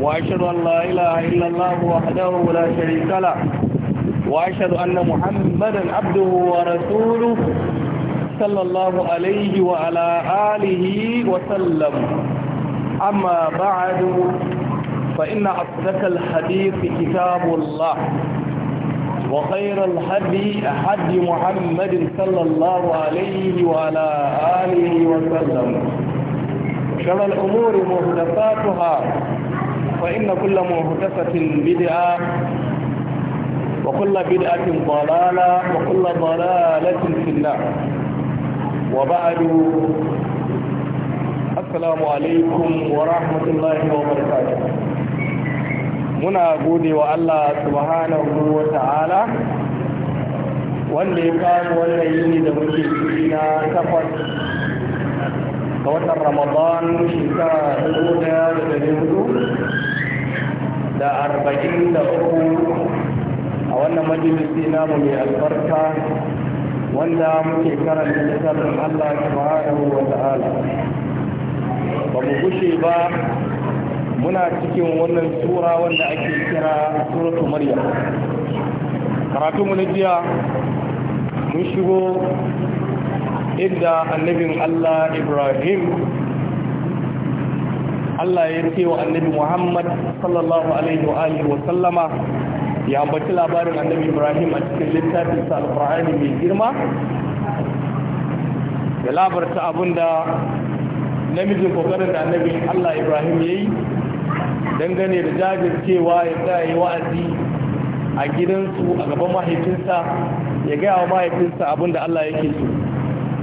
وأشهد أن لا إله إلا الله وحده لا شريك له وأشهد أن محمدا عبده ورسوله صلى الله عليه وعلى آله وسلم أما بعد فإن أصدق الحديث كتاب الله وخير الحدي حدي محمد صلى الله عليه وعلى آله وسلم شر الأمور محدثاتها فإن كل محدثة بدعة وكل بدعة ضلالة وكل ضلالة في النار وبعد السلام عليكم ورحمة الله وبركاته muna gode wa Allah subhanahu wa ta'ala wanda ya kawo wannan yini da muke ciki na takwas ga watan ramadan shekara dubu daya da dari hudu da arba'in da uku a wannan majalisi namu mai albarka wanda muke karanta littafin allah subhanahu wa ta'ala ba mu gushe ba muna cikin wannan tura wanda ake kira suratu maryam karatu mu na jiya mun shigo idda annabin Allah Ibrahim Allah ya ce wa annabi Muhammad sallallahu alaihi wa alihi wa sallama ya ambaci labarin annabi Ibrahim a cikin littafin Al-Qur'ani mai girma da labarta da namijin kokarin da annabi Allah Ibrahim yayi dangane da jajircewa ya tsaya wa'azi a gidansu a gaban mahaifinsa ya gaya wa mahaifinsa abinda Allah yake so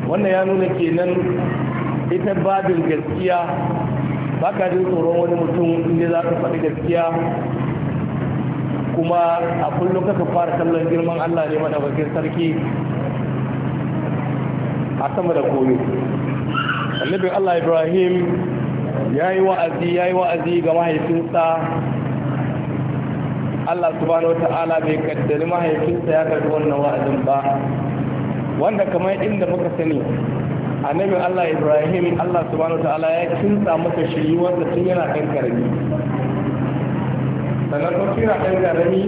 wannan ya nuna kenan ita babin gaskiya ba ka jin tsoron wani mutum inda za ka faɗi gaskiya kuma a kullum kaka fara kallon girman allah ne bakin sarki a sama da koyo annabin allah ibrahim ya yi wa'azi ya yi wa'azi ga mahaifinsa allah subhanahu wa ta'ala bai kaddari mahaifinsa ya karbi wannan wa'azin ba wanda kamar inda muka sani annabin Allah Ibrahim Allah subhanahu ta'ala ya kinsa masa shiri wanda tun yana ɗan karami sannan ko tun yana ɗan karami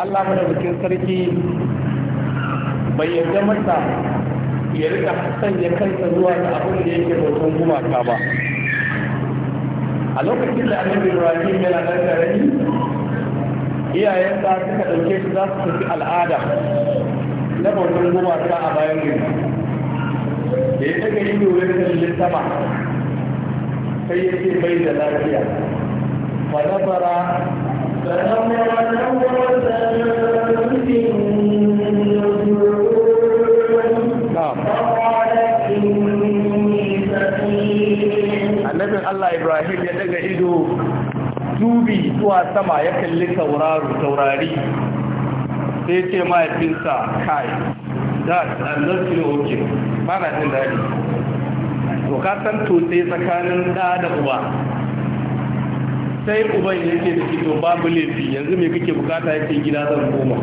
Allah bikin sarki bai yarda masa ya rika sanya kansa zuwa ga abin da yake bautan gumaka ba a lokacin da annabi Ibrahim yana ɗan karami iyayensa suka ɗauke shi za su tafi al'ada na bautan a bayan gari da ya daga ido ya kalli sama sai ya ce bai da lafiya fa nazara fa Allah Ibrahim ya daga ido dubi zuwa sama ya kalli taurari sai ce mahaifinsa kai da annan su ne oke ba na jin daɗi to ka san tutse tsakanin ɗa da uba sai uban yake da fito babu laifi yanzu mai kake bukata yake gida zan koma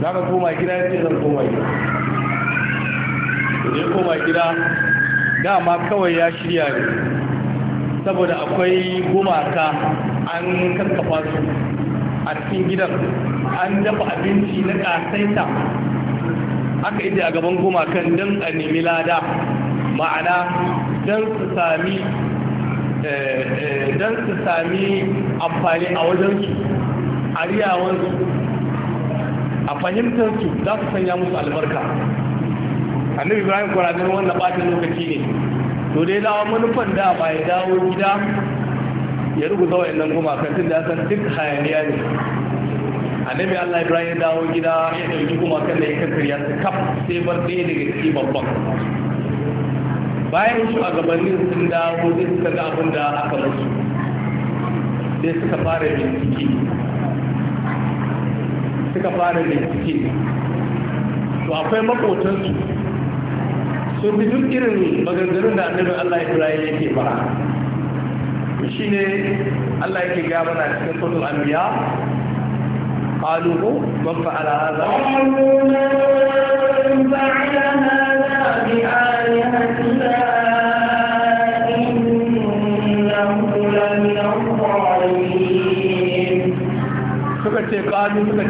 za ka koma gida yake zan koma gida da koma gida dama kawai ya shirya ne saboda akwai gumaka an karkafa su a cikin gidan an dafa abinci na ƙasaita aka yi a gaban gumakan don a nemi lada ma'ana eh, eh, don su sami amfani a wajensu a riyawansu a fahimtarsu za su sanya musu albarka annabi ibrahim kwaradun wannan ɓatin lokaci ne to dai dawo manufan da ba ya dawo gida ya ruguza wa'annan gumakan tun da ya san duk hayaniya ne annabi Allah Ibrahim ya dawo gida ya dauki kuma kan da ya kariya su kaf sai bar dai daga cikin babban bayan gabanin sun dawo zai suka ga abin da aka musu sai suka fara bincike suka fara bincike to akwai su sun bi duk irin maganganun da annabi Allah Ibrahim yake fara shi ne Allah yake gaya mana cikin sautul anbiya قالوا من فعل هذا قالوا من فعل هذا بآلهتنا إنه لمن الظالمين قالوا من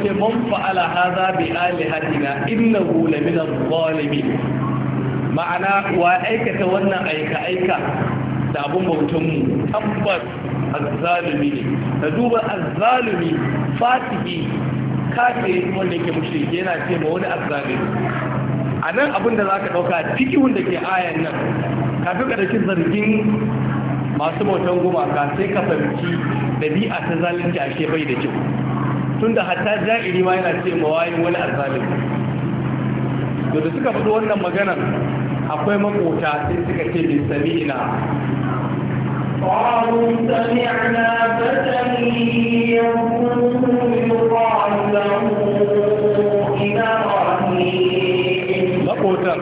فعل هذا بآلهتنا إنه لمن الظالمين معنى وأيك ونا أيك أيك da abun bautanmu tabbas azzalumi ne fatihi kafe wanda yake mushriki yana ce ma wani azzalimi a nan abin da za ka ɗauka ciki wanda ke ayan nan kafin ka ɗauki zargin masu bautan gumaka sai ka fahimci ɗabi'a ta zalunci ashe bai da kyau tun da hatta ja'iri ma yana ce ma wayin wani azzalimi to da suka fito wannan maganar akwai makota sai suka ce bin sami'ina قالوا سمعنا فتى يقول يقال له إبراهيم لقوتر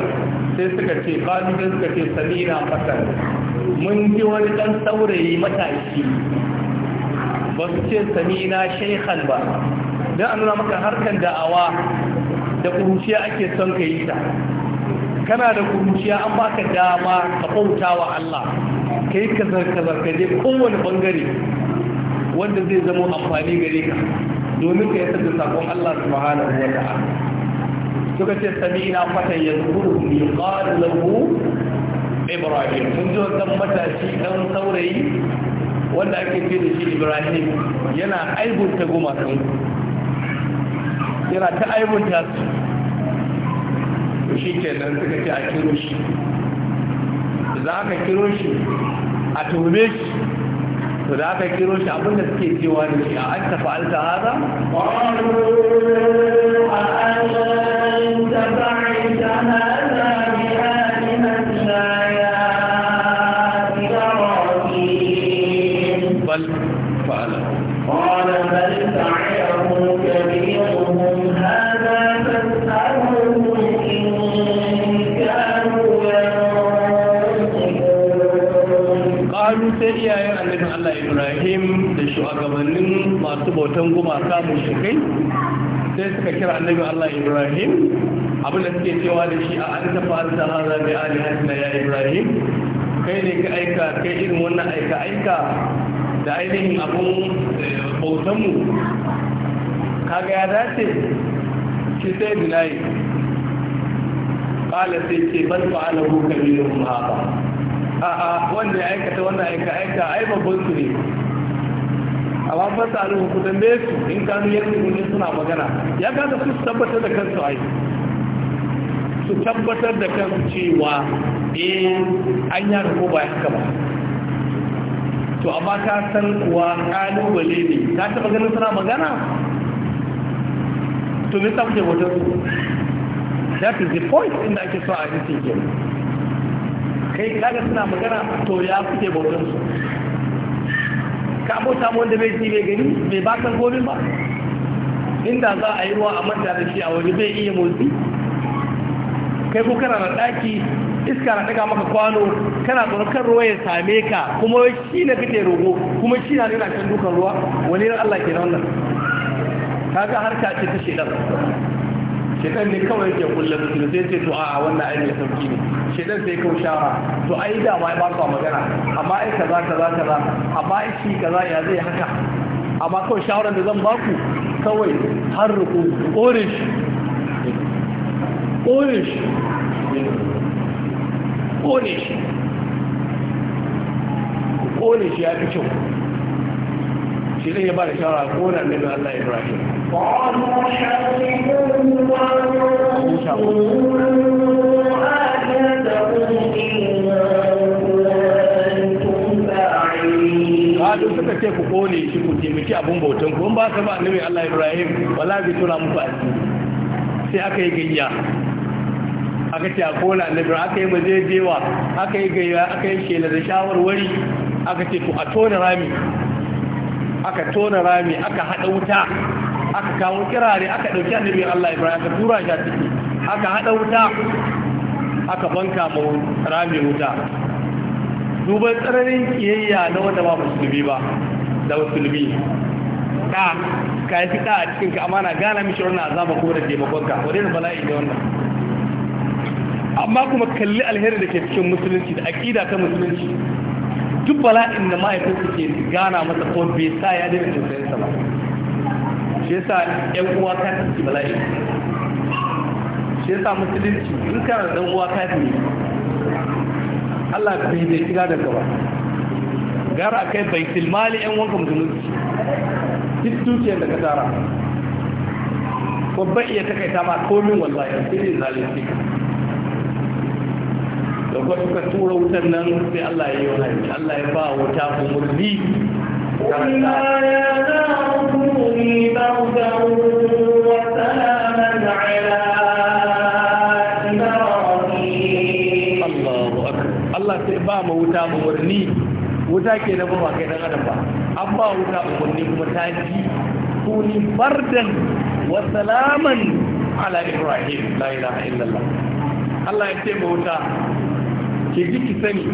sai suka ce kalu sai suka ce samira fatar mun ji wani ɗan saurayi matashi ba su ce samina shaikhan ba don an nuna maka harkar da'awa da kuruciya ake son ka yi ta kana da kuruciya an baka dama ka bauta wa Allah ka yi kazar-kazar ka je kowane bangare wanda zai zama amfani gare ka domin ka yasa da sakon Allah subhanahu wa ta'ala suka ce sami ina fatan ya zukuru ne ƙari lagu ibrahim sun ji wata matashi ɗan saurayi wanda ake ce da shi ibrahim yana aibunta gumakan yana ta aibunta su shi ke nan suka ce a kiro shi za ka kiro shi a tuhume shi to da aka kiro shi abinda suke cewa da shi a an tafi alta haza a an tafi alta haza kalu sai iyayen annabin Allah Ibrahim da shugabannin masu bautan gumaka kai sai suka kira annabin Allah Ibrahim abin da suke cewa da shi a an tafa da hada bi ya Ibrahim kai ne ka aika kai irin wannan aika aika da ainihin abun bautan mu kaga ya dace shi sai dinai qala sai ce bal fa'alahu kabiruhum hada a'a wanda ya aikata wanda aika aika ai babban su ne A ba sa alhu ku tambaye su in kanu yanzu in suna magana ya kada su tabbatar da kansu ai su tabbatar da kansu cewa eh an ya ko ba haka ba to amma ka san kuwa kalubale ne ka taba ganin suna magana to me sa kuke wajen su that is the point in inda ake so a cikin kenan kai kaga suna magana to ya kuke bautar su ka abota mu wanda bai ji bai gani bai bakar gobin ba inda za a yi ruwa a manta da shi a wani bai iya motsi kai ko kana da daki iska na daga maka kwano kana tsorkar ruwa ya same ka kuma shi na fite rogo kuma shi na nuna can dukan ruwa wani ran Allah ke na wannan kaga harka ce ta shedar shedar ne kawai yake kullum sai sai to a wannan ainihin sauki ne shedan sai kau shara to ai da ma ba ka magana amma ai kaza kaza kaza amma shi kaza ya zai haka amma kau shawaran da zan baku kawai har ruku orish orish orish orish ya fi kyau shedan ya ba da shawara ko nan ne Allah Ibrahim suka ce ku kone shi ku taimaki abin bautan ku ba ka ba annabi Allah Ibrahim wala zai tura muku asiri sai aka yi gayya aka ce a kona annabi aka yi majejewa aka yi gayya aka yi shela da shawarwari aka ce ku a tona rami aka tona rami aka haɗa wuta aka kawo kirare aka ɗauki annabi Allah Ibrahim aka tura shi a ciki aka haɗa wuta aka banka ma rami wuta duba tsananin kiyayya na wanda ba musulmi ba da musulmi ka ka yi fita a cikin ka amana gana mishi wannan zama ko da taimakon ka wani da bala'i da wannan amma kuma kalli alheri da ke cikin musulunci da aƙida ta musulunci duk bala'in da ma'aikata ke gana masa ko bai sa ya daina tausayinsa ba shi yasa ƴan uwa ta ci bala'i shi yasa musulunci in kana da ɗan uwa kafiri Allah bai da kira da gaba gara kai baitul mali ɗan wanka musulunci duk dukiyar da ka tara babban iya takaita ma komin wallahi a cikin zalunci da kuma suka tura wutar nan sai Allah ya yi wani Allah ya ba wuta umarni Allah ya za a kuma ni ba wuta umarni wuta ke na ba kai dan adam ba an ba wuta umarni kuma ta ji kuni fardan wa salaman ala ibrahim la ilaha illallah Allah ya ce ba wuta ki ji ki sani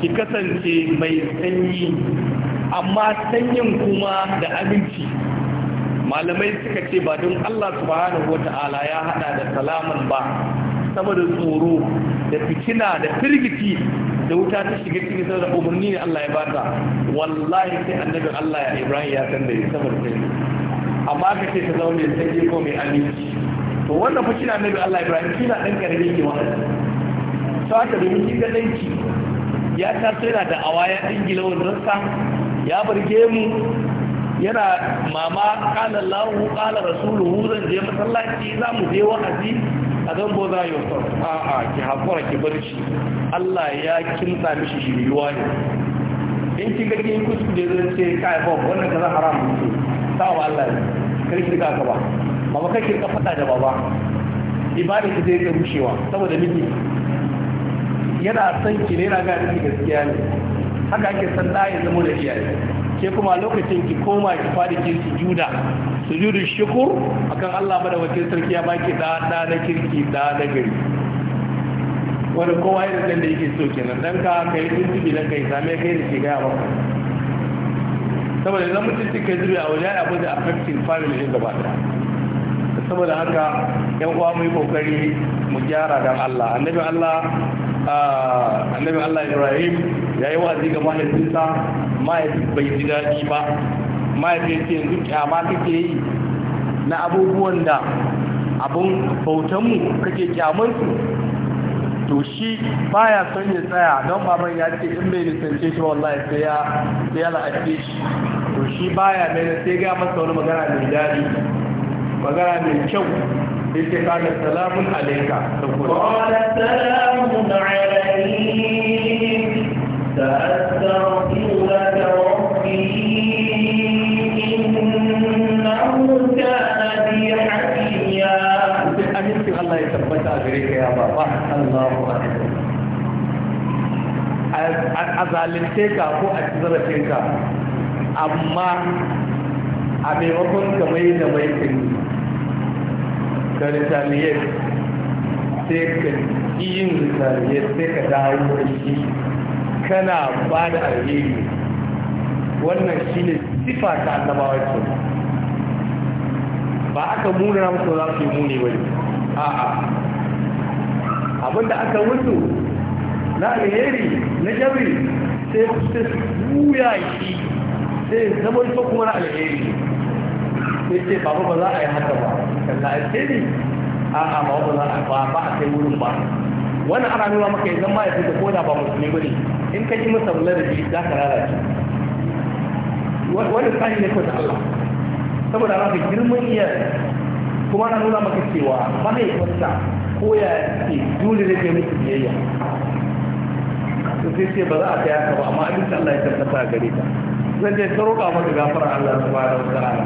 ki kasance mai sanyi amma sanyin kuma da abinci malamai suka ce ba don Allah subhanahu wata'ala ya hada da salaman ba saboda tsoro da fitina da firgiti. da wuta ta shiga cikin saboda umarni ne Allah ya bata wallahi sai annabin Allah ya Ibrahim ya san da ya da yi. amma ka ce ta zama mai sanyi ko mai aminci to wannan fa kina annabi Allah Ibrahim kina dan karami ke wannan sai ta da kin ga danki ya ta tsira da awaya din gilawan ransa ya burge mu yana mama qala Allahu kana rasuluhu zan je masallaci za mu je wa'azi a zan bo za yi a a ki haƙura ki barci Allah ya kinta mishi shiriwa ne in ki ga kin kuskure zan ce kai ba wannan kaza haram ne sawa Allah ne kar ki ka ba baba kar ki ka fada da baba ibada ki zai ka rushewa saboda miki yana son ki ne yana ga miki gaskiya ne haka ake san da ya zama da iyaye ke kuma lokacin ki koma ki fara ki sujuda sujudu shukur akan Allah madawacin sarki ya baki da da na kirki da da gari wani kowa yana nan da yake so kenan dan ka kai tuntubi dan kai same kai da shi gaya maka saboda idan mutum ka zube a wajen abu da affecting family din gaba ɗaya saboda haka yan uwa mu yi kokari mu gyara dan Allah annabi Allah Ah, annabi Allah Ibrahim ya yi wa'azi ga mahaifinsa mahaifin bai ji daɗi ba mahaifin ce yanzu kyama kake yi na abubuwan da abun bautanmu kake kyamarsu to shi baya son ya tsaya don baban ya ce in bai nisance shi wallahi sai ya sai ya la'ace shi to shi baya mai sai ga masa wani magana mai daɗi magana mai kyau yake kana salamun alaika da Allahu akbar a zalunce ka ko a ci zarafin ka amma a maimakon ka mai da mai kan ka ritaliye sai ka yin ritaliye sai ka dawo da shi kana ba da alheri wannan shi ne sifa ta annabawa ce ba aka muna musu za su yi muni ba ne a'a abinda aka mutu na alheri na jabi sai kusa juya shi sai zama ita kuma na alheri sai ce babu ba za a yi haka ba kalla alheri a a ba ba za a ba ba a kai wurin ba wani ana nuna maka yanzu ma ya fi da koda ba musulmi ba ne in ka ji masa bular da shi za ka lalace wani tsari ne kawai Allah saboda za ka girman iya kuma na nuna maka cewa ba ne kwanta koya ce dole ne ke miki biyayya to sai ce ba za a kaya ka ba amma abin Allah ya tabbata gare ta zan je ka roƙa maka gafara Allah subhanahu wa ta'ala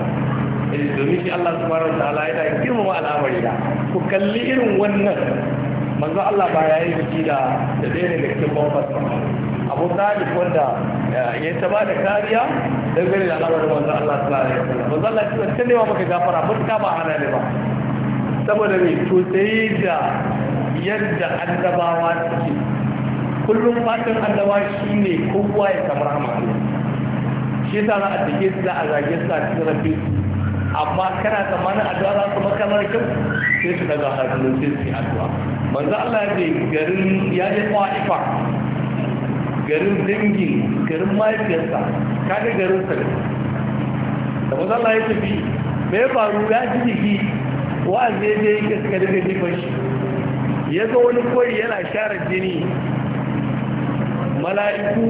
eh domin shi Allah subhanahu wa wataala yana girmama al'amari da ku kalli irin wannan manzo Allah ba ya yi biki da da ɗaya daga cikin bambas abu da talib wanda eh, ya ta ba da kariya dangane da al'amarin manzo Allah subhanahu wa ta'ala manzo Allah ya ce ne maka gafara mutaka ba hana ne ba saboda mai tosai da yadda annabawa suke kullum fatan annabawa shi ne kowa ya samu rahama shi ta za a take su za a zage su a cikin rafi amma kana tsammanin addu'a za su maka mara kyau sai su daga hannun sai su yi addu'a manzo Allah ya ce garin ya je Ta'ifa garin dangin garin mahaifiyarsa kaga garin sa da manzo Allah ya tafi me faru ya ji jiki wa'azi ya je yi kaskari da jifan shi ya ga wani koyi yana share jini mala'iku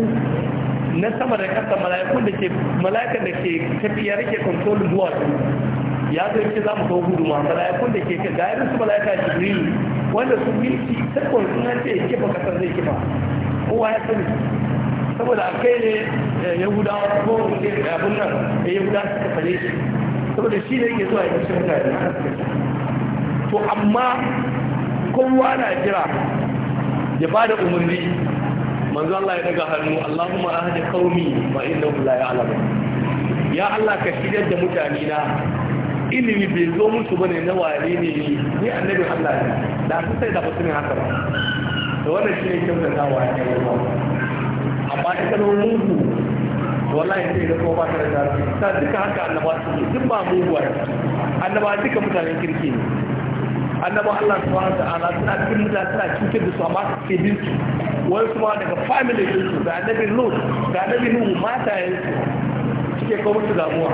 na sama da kasa mala'ikun da ke mala'ikan da ke tafiya rike kontrol zuwa ya zo yake za mu kawo gudu ma mala'ikun da ke ka ga yadda su mala'ika jibril wanda su milki sakon suna ce ya kifa kasar zai kifa kowa ya sani saboda a kai ne ya eh, yahudawa ko abin nan guda eh, suka fare shi saboda shi ne yake zuwa ya kashe mutane to amma kowa na jira ya ba da umarni manzo Allah ya daga hannu Allahumma ahdi qaumi wa innahum la ya'lamun ya Allah ka shigar da mutane na ilimi bai zo musu bane na wale ne ni ni annabi Allah ne da su sai da fasin haka ba to wannan shine kyautar da wa ya yi amma ita nan mugu wallahi sai da kuma ba ta da ta duka haka annaba su duk ba muguwa annaba duka mutanen kirki ne annabi Allah subhanahu ta'ala suna cikin mutane suna cutar da su amma su ke bin su wani ma daga family din su da annabi Lut da annabi Nuhu yin su suke kawo musu damuwa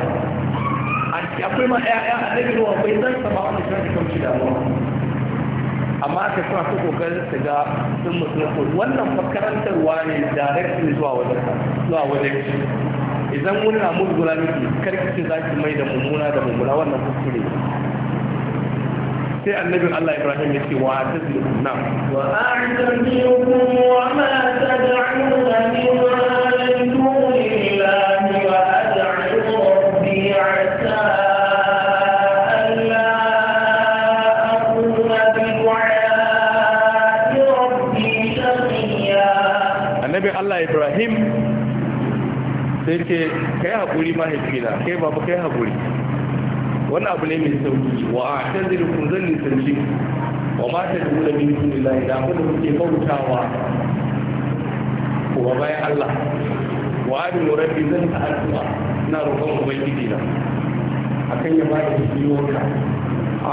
akwai ma ƴaƴa annabi Nuhu akwai zan sama wanda suna da kawo damuwa amma ka suna su kokarin su ga sun musulunci wannan makarantarwa ne directly zuwa wajen zuwa wajen idan wani na mutu gura miki karkace ce za ki mai da mummuna da mummuna wannan kuskure sai annabin Allah Ibrahim ya ce wa tazlu na wa a'tazilukum wa ma tad'una min dunillahi wa ad'u rabbi 'asa Allah Ibrahim sai ce kai haƙuri mahaifina kai babu kai haƙuri wannan abu ne mai sauki wa a tazirukum zan nisanci wa ma tad'una min dunillahi da abu da kuke bautawa wa bayan Allah wa adin rabbi zan ta addu'a ina roƙon ubangiji na akan ya ba da kiwonka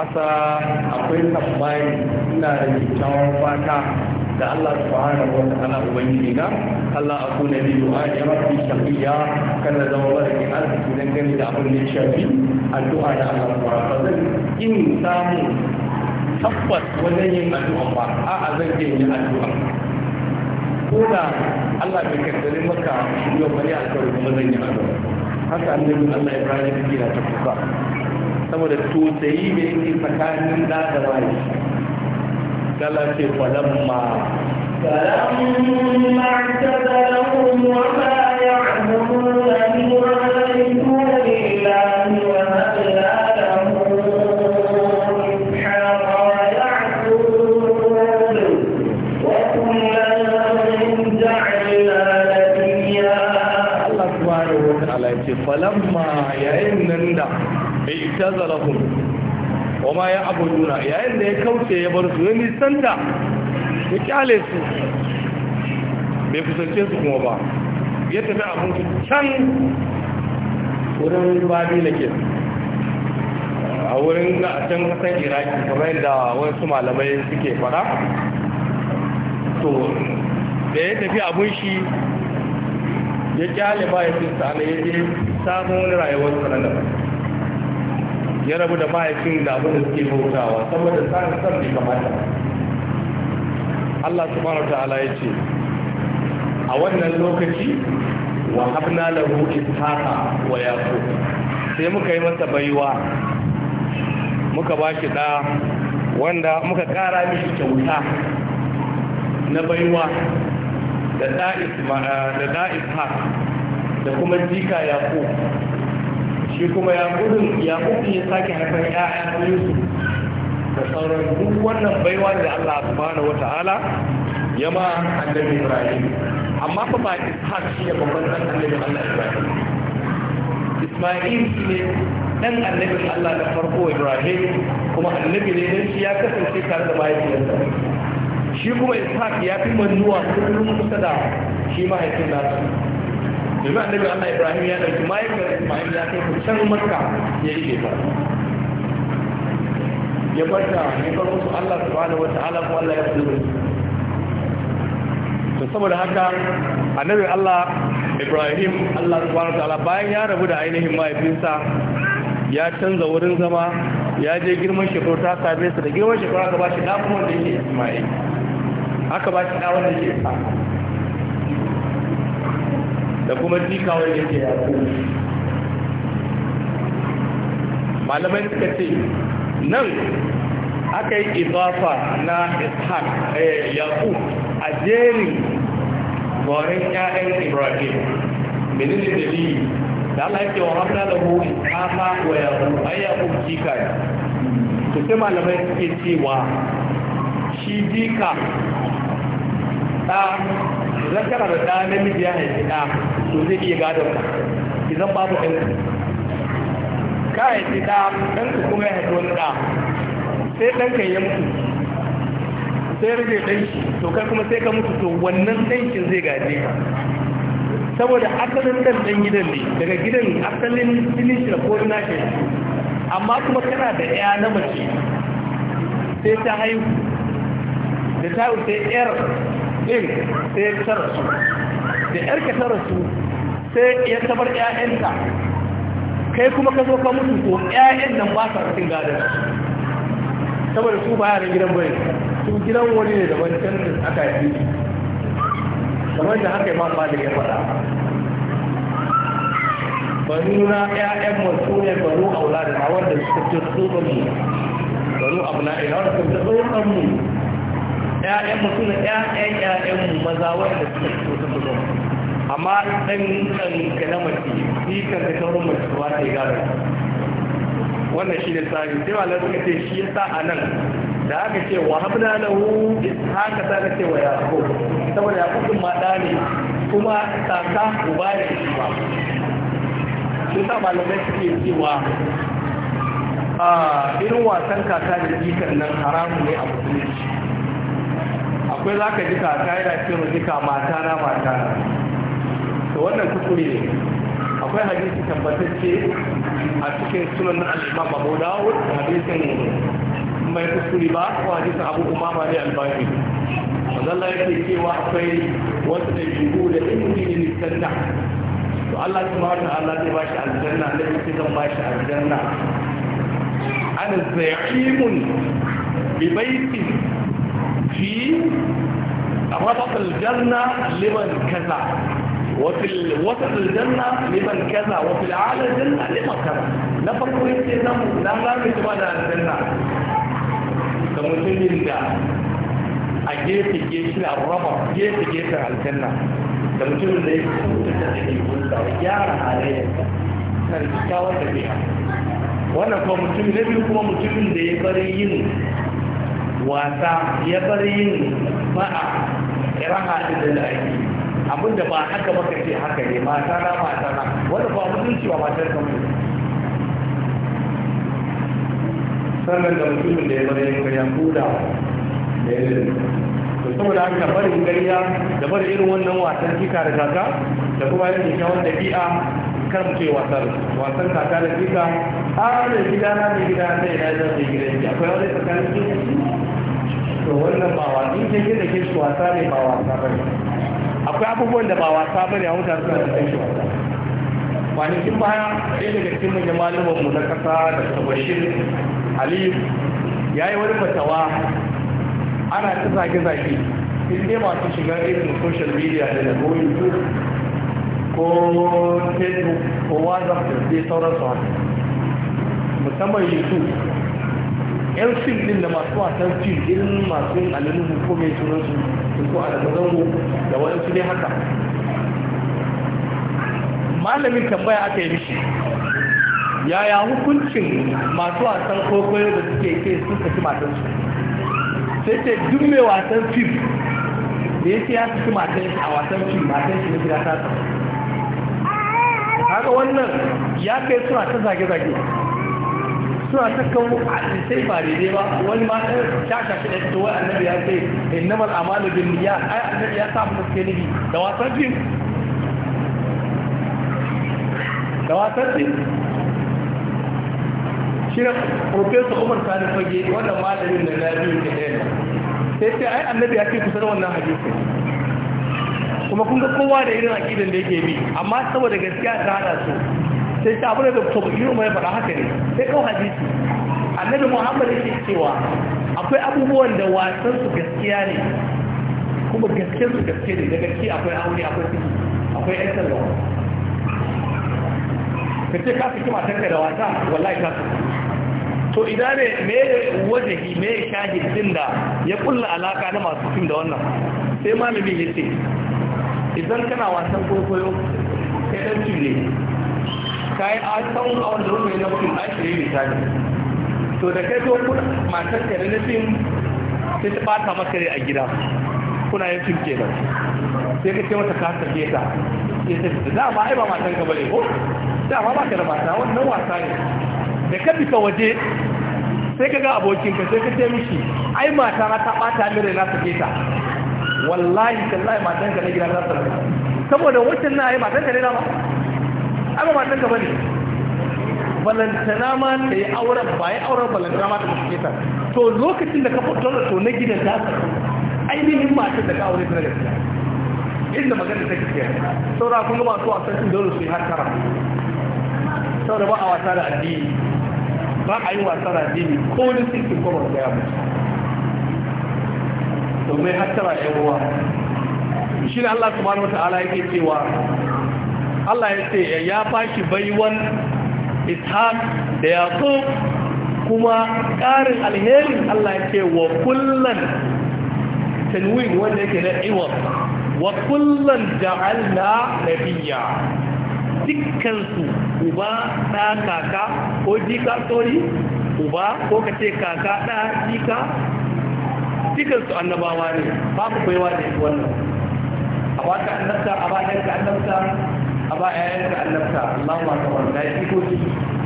asa akwai tambayi ina da kyakkyawan fata da Allah subhanahu wa ta'ala ubangiji na Allah aku na biyu a ya rabbi shaqiya kana zama barkin arziki dan gani da abin da ya shafi addu'a da Allah ba zan in samu tabbas wajen yin addu'a ba a'a zan yi yin addu'a ko da Allah bai kaddare maka yau bari alƙawari kuma zan yi addu'a haka annabi Allah Ibrahim ya ta kuka saboda totsayi da yake tsakanin da da wani kala ce falamma falamma ta da lahum wa ma ya'budu min tazalahum wa ma ya abuduna yayin da ya kauce ya bar su ya santa ya kyale su bai kusance su kuma ba ya tafi abun su can wurin babi na ke a wurin a can kasan iraki kamar yadda wasu malamai suke fara to da ya tafi abun shi ya kyale ba ya fi ya je samun wani rayuwar sanannan ya rabu da mahaifin da abin da suke bautawa saboda tsarin san bai kamata Allah subhanahu ta'ala ya ce a wannan lokaci wa habna lahu ishaqa wa yaqub sai muka yi masa baiwa muka ba shi da wanda muka kara mishi kyauta na baiwa da da ha da kuma jika yaqub shi kuma ya gudun ya uku ya sake haifar ya'yan yusuf da sauran duk wannan baiwa da allah subhanahu wa ta'ala ya ma annabi ibrahim amma fa ba ishaq shi ya babban dan annabi allah ibrahim isma'il shi ne dan annabi allah na farko ibrahim kuma annabi ne dan shi ya kasance tare da mahaifiyarsa shi kuma ishaq ya fi manzuwa kullum kusa da shi mahaifin nasu yanzu annabi Allah Ibrahim ya dauki mahaifiyar Ismail ya kai can Makka ya rike ta ya barta ya bar musu Allah subhanahu wa ta'ala ko Allah ya tsare to saboda haka annabi Allah Ibrahim Allah subhanahu wa ta'ala bayan ya rabu da ainihin mahaifinsa ya canza wurin zama ya je girman shekaru ta same su da girman shekaru aka ba shi da kuma da yake Ismail aka ba shi da wanda yake Ismail da kuma jikawar da ke yaƙo malamai suka ce nan aka yi izafa na ishaq eh, yaku a jerin gwarin 'ya'yan ibrahim menene ne da ala yake wa hamna da ta ishaq wa yaku ai yaku jika ne to sai malamai suke cewa shi jika ɗa zakara da ɗa namiji ya haifi ɗan to zai iya gadon ka idan babu ɗanka. ka haifi ɗa ɗanka kuma ya haɗu wani ɗa sai ɗanka ya mutu sai rage ɗan shi to kai kuma sai ka mutu to wannan ɗankin zai gaje ka saboda asalin ɗan ɗan gidan ne daga gidan asalin jinin shi da ko ina ke amma kuma kana da ɗaya na mace sai ta haihu da ta haihu sai ɗin sai ta rasu da ƴar ka ta rasu sai ya tabar ƴaƴanta kai kuma ka zo ka mutu ko ƴaƴan nan ba sa cikin gadon saboda su ba yaran gidan bane su gidan wani ne daban can da aka yi kamar da haka imam malik ya faɗa ba nuna ƴaƴan masu ne banu auladin a wanda suka ce tsoron mu abu abna'in na wanda suka ce tsoron mu ƴaƴan mu ne ƴaƴan ƴaƴan mu maza wanda suka ce tsoron mu amma ɗan ɗan ka na mace ni kan ka sauran mace ba ta gado wannan shi ne tsari sai malar suka ce shi ya sa a nan da aka ce wa habna lahu haka ta ce wa yaqo saboda yaqub ma da ne kuma kaka uba ne shi ba shi sa malamai suke cewa a irin wasan kaka da jikan nan haramu ne a musulunci akwai za ka ji kaka yana cewa jika mata na mata to wannan kuskure ne akwai hadisi tabbatacce a cikin sunan na al-imam Abu Dawud hadisin mai kuskure ba ko hadisin Abu Umama ne al-Bahri Allah yake cewa akwai wasu da yugo da ilmi ne sanda to Allah subhanahu wa Allah zai bashi aljanna da yake zan bashi aljanna An za'imun bi baiti fi rabat aljanna liman kaza وفي وسط الجنة لمن كذا وفي الأعلى الجنة لمن كذا نفرق يتنم نغلام يتمنى الجنة كمسلم دا أجيت جيش الربع جيت جيش الجنة كمسلم دا يكون تتحدي بلد ويجارة عليه كاركاوة تبيعة wannan kuma mutum na biyu kuma mutumin da ya bari yin wasa ya bari yin ba'a raha da da ake abinda da ba haka ba ka ce haka ne mata na mata na wanda ba mutunci ba matar ka mutu sannan da mutumin da ya bari yin gariya kuda da ya lalata to saboda haka barin gariya da barin irin wannan wasan kika da kaka da kuma yin kika wanda kar mutu ya wasa wasan kaka da kika a da gida na mai gida na yana na zan da gidan ki akwai wani tsakanin kika to wannan ba wasa in kike da kike wasa ne ba wasa ba akwai abubuwan da ba wasa ba ne a wutar suna cikin shi kwanakin baya ɗaya daga cikin manyan malumar mu na ƙasa da bashir aliyu ya yi wani fatawa ana ta zage-zage in dai masu shiga irin social media da da ko youtube ko facebook ko whatsapp da sauran sauransu haka musamman youtube yan fim din da masu wasan fim irin masu yin hukumai ko mai ko a daga zango da wani su dai haka malamin tambaya aka yi mishi yaya hukuncin masu wasan kwaikwayo da suke ke sun saki matansu sai ce duk mai wasan fim da ya ce ya saki matan a wasan fim matan shi na gida ta haka wannan ya kai suna ta zage-zage suna ta kawo a sai ba daidai ba wani ma ɗan shasha shi ɗan wai annabi ya ce innamal amalu bin niyyat ai annabi ya sa mu suke nihi da wasan fim da wasan fim shi ne profesa umar sani fage wannan malamin da na biyu ke ɗaya sai sai ai annabi ya ce kusa da wannan hadisi kuma kun ga kowa da irin aƙidan da yake bi amma saboda gaskiya ta hada su sai ta abin da tabbiyar mai fara haka ne sai kawo hadisi annabi muhammad yake cewa akwai abubuwan da wasan su gaskiya ne kuma gaskiyar su gaskiya ne da gaske akwai aure akwai ciki akwai yan tallawa ka ce ka fi kai da wasa wallahi ka to idan ne me wajahi me shahid din da ya kulla alaka na masu fim da wannan sai malamin ya ce idan kana wasan kwaikwayo sai dan cire yi a tsawon a wanda rufe na mutum a shi ne misali to da kai zo kuna matar ka na fim sai ta bata maka rai a gida kuna yin fim kenan sai ka ce mata ka sake ta sai ta fita a ai ba matar ka bane ko a ba ka da mata wannan wasa ne da ka fita waje sai ka ga abokinka sai ka ce mishi ai mata ta bata mire na sake ta wallahi tallahi matan ka na gida za ta saboda wacce na yi matan ka ne na ba amma ba ta gaba ne balantana ma ta yi auren ba ya auren balantana ma ta fuske ta to lokacin da ka fito da to na gidan ta ainihin matar da ka aure ta na gaskiya inda magana ta gaskiya saura kun ga masu wasan sun dole su yi har tara saura ba a wasa da addini ba a yi wasa da addini ko wani sinkin kwamar da ya mutu domin hattara yan ruwa shi ne Allah subhanahu wata'ala yake cewa Allah ya ce ya baki baiwan ishaq da yaqub kuma ƙarin alherin Allah ya ce wa kullum tanwin wanda yake da iwa wa kullum ja'alna nabiyya dukkan su uba ɗa kaka ko jika tsori uba ko kace kaka ɗa jika dukkan su annabawa ne babu baiwa da wannan a baka annabta a bayan ka annabta a ba ƴaƴan ka annabta Allahu akbar da ikoki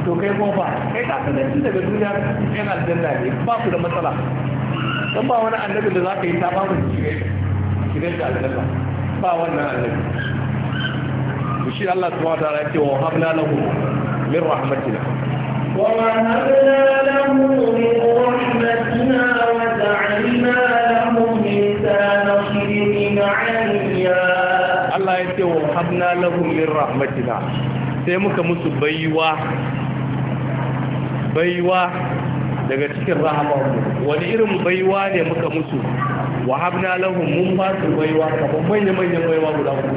to kai kuma ba kai ka san tun daga duniya yan aljanna ne ba ku da matsala Don ba wani annabi da za ka yi ta ba mu shiga shiga da aljanna ba wannan annabi to shi Allah subhanahu wa ta'ala ya ce wa habna lahu min rahmatina wa habna lahu min rahmatina wa rahmatina sai muka musu baiwa baiwa daga cikin rahamarmu wani irin baiwa ne muka musu wa habna lahum mun ba su baiwa kamar manyan manyan baiwa guda ku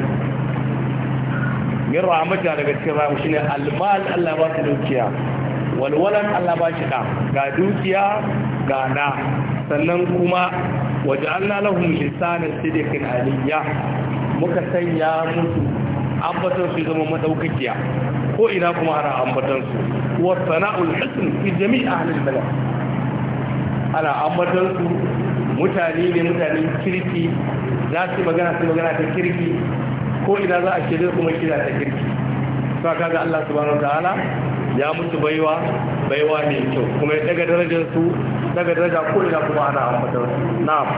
min rahmatina daga cikin rahamu shine almal Allah ba su dukiya walwalan Allah ba shi da ga dukiya ga da sannan kuma waja'alna lahum lisanan sidqin aliyya muka sanya musu ambaton su zama madaukakiya ko ina kuma ana ambaton su wa sana'ul hisn fi ahli al balad ana ambaton su mutane ne mutanen kirki za su magana su magana ta kirki ko ina za a shirya kuma kira ta kirki sa kaga Allah subhanahu wataala ya mutu baiwa baiwa ne kyau kuma ya daga darajar su daga daraja ko ina kuma ana ambaton su na'am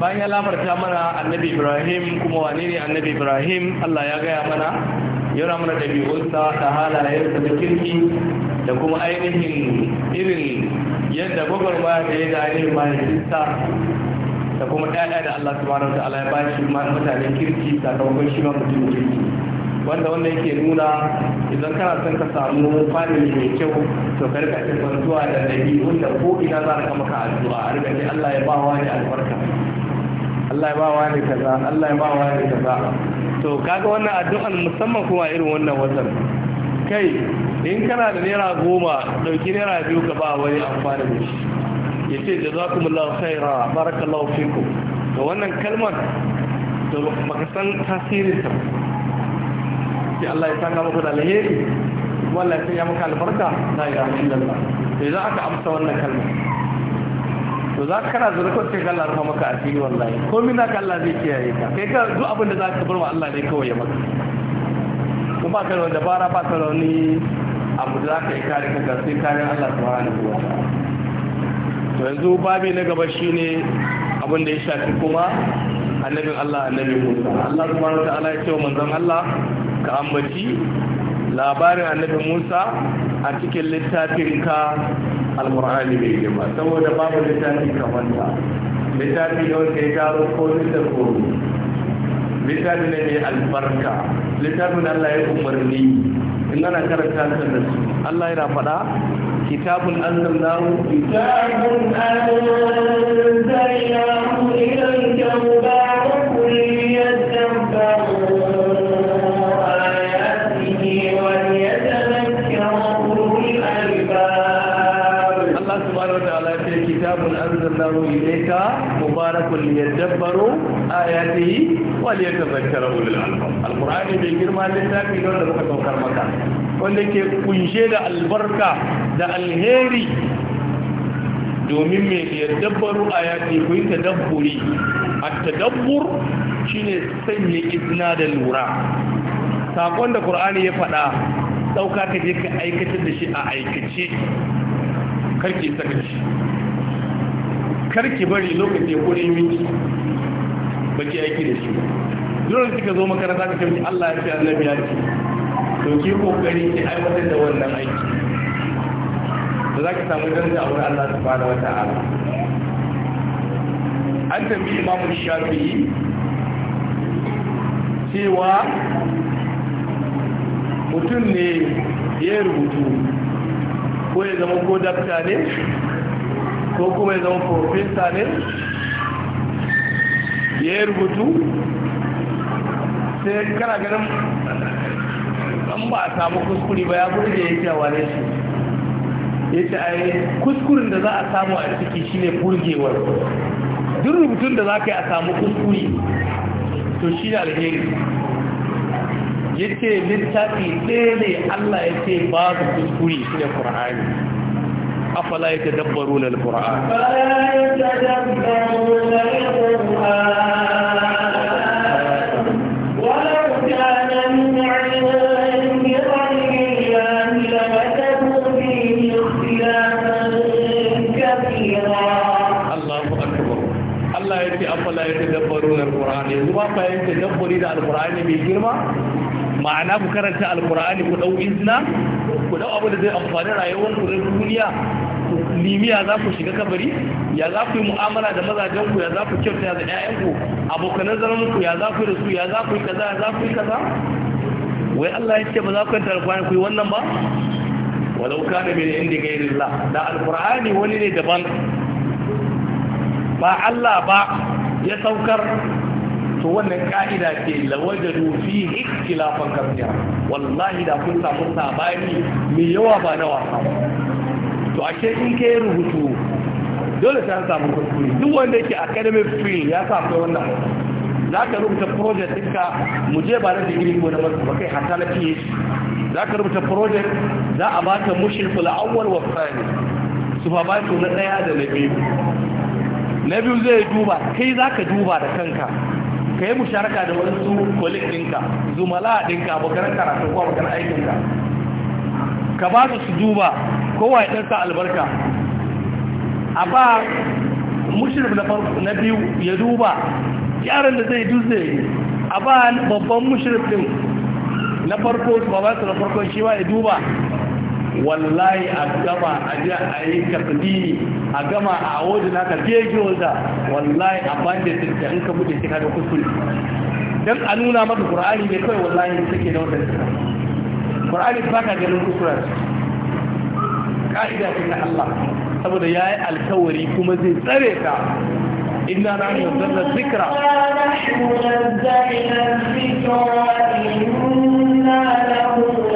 bayan ya labarta mana annabi ibrahim kuma wane ne annabi ibrahim allah ya gaya mana yana mana ɗabi'unsa ta halayensa da kirki da kuma ainihin irin yadda gwagwarmaya da ya da ainihin mahaifinsa da kuma ɗaya da Allah subhanahu ta'ala ya ba shi ma mutanen kirki sakamakon shi ma mutum kirki wanda wanda yake nuna idan kana son ka samu family mai kyau to ka rika zuwa da nabi wanda ko ina za ka maka addu'a a rika ce Allah ya ba wa ne albarka Allah ya ba wa ne kaza Allah ya ba wa ne kaza to kaga wannan addu'an musamman kuma irin wannan watan kai in kana da naira goma dauki naira biyu ka ba wani amfani da shi ya ce jazakumullahu khaira barakallahu fikum da wannan kalmar da makasan san tasirin ta sai Allah ya saka muku da alheri kuma sai ya muka maka albarka la ilaha illallah to idan aka amsa wannan kalma to za ka kana zurkon sai Allah ya maka asiri wallahi komai na ka Allah zai kiyaye ka kai ka duk abin da za ka bar wa Allah ne kawai ya maka kuma ka da dabara ba ka da wani abu da za ka yi kare ka sai kare Allah subhanahu wa ta'ala yanzu babi na gaba shine abin da ya shafi kuma annabin Allah annabi Musa Allah subhanahu ta'ala ya ce wa manzon Allah ka ambaci labarin annabi Musa a cikin littafin ka alqur'ani mai girma saboda babu littafi kamanta, ta littafi ne wanda ya taro ko da ko littafi ne mai albarka littafin Allah ya umarni in ana karanta sa da su Allah yana faɗa كتاب أنزلناه كتاب أنزلناه إليك مبارك ليتدبروا آياته وليتذكر أولو الألباب الله سبحانه وتعالى كتاب أنزلناه إليك مبارك ليتدبروا آياته وليتذكر أولو الألباب القرآن بيجر ما لتاكي دون لبقى توقر مكان wanda ke kunshe da albarka da alheri domin mai biyar dabbaru a yaƙi kuyi yi dabburi. a ta dabbur shi ne sanya izina da lura saƙon da ƙur'ani ya faɗa ɗauka ka je ka aikatar da shi a aikace karki sakaci karki bari lokaci ya kuri yi baki aiki da shi Dole Zuwa kika zo makaranta ka kamci Allah ya fi annabi ya ce to ke kokari ki aiwatar da wannan aiki da za ki samu daraja a wurin Allah wata ala. an tafi imamu shafi'i cewa mutum ne ya rubutu ko ya zama ko dakta ne ko kuma ya zama profesa ne ya rubutu sai kana ganin an ba a samu kuskuri ba ya burge ya ce ne shi ya ce a kuskuren da za a samu a ciki shine burgewar duk rubutun da za ka yi a samu kuskure to shi da alheri ya ce littafi ɗaya ne allah ya ce ba su kuskuri shi ne ƙur'ani afala ya dabbaru na al alkur'ani mai girma ma'ana ku karanta Alƙur'ani ku ɗau izina ku ɗau abu da zai amfani rayuwar ku na duniya limiya za ku shiga kabari ya za ku yi mu'amala da mazajen ku ya za ku kyauta da ƴaƴan ku abokanan zaman ku ya za ku yi da su ya za ku yi kaza ya za ku yi kaza wai Allah ya ce ba za ku karanta alkur'ani ku yi wannan ba walau kana min indi ghairillah da Alƙur'ani wani ne daban ba Allah ba ya saukar to wannan ka'ida ce la wajadu fi ikhtilafan kafiya wallahi da kun samu sabani mai yawa ba na wasa to ashe in kai rubutu dole sai an samu kuskure duk wanda yake academic field ya sa akwai wannan za ka rubuta project ɗinka mu je ba na digiri ko na masu bakai hatta na phd za ka rubuta project za a ba ta baka kula awwal wa tsari supervisor na ɗaya da na biyu na biyu zai duba kai za ka duba da kanka ka yi musharaka da wani su kolik ɗinka zumala ɗinka abokanar karatu ko abokanar aikinka ka ba su su duba kowa ya ɗarsa albarka a ba mushirif na biyu ya duba yaran da zai dutse a ba babban mushirif ɗin na farko su ba su na farko shi ba ya duba wallahi a gama a ji a yi kasdini a gama a wajen naka gege wanda wallahi a bandit da in ka buɗe shi da kuskure Don a nuna maka qur'ani ne kawai wallahi suke da wadanda qur'ani ba ka ganin kuskure ka'ida ce na Allah saboda yi alkawari kuma zai tsare ka inna na nazzalna dhikra nahnu nazzalna dhikra inna lahu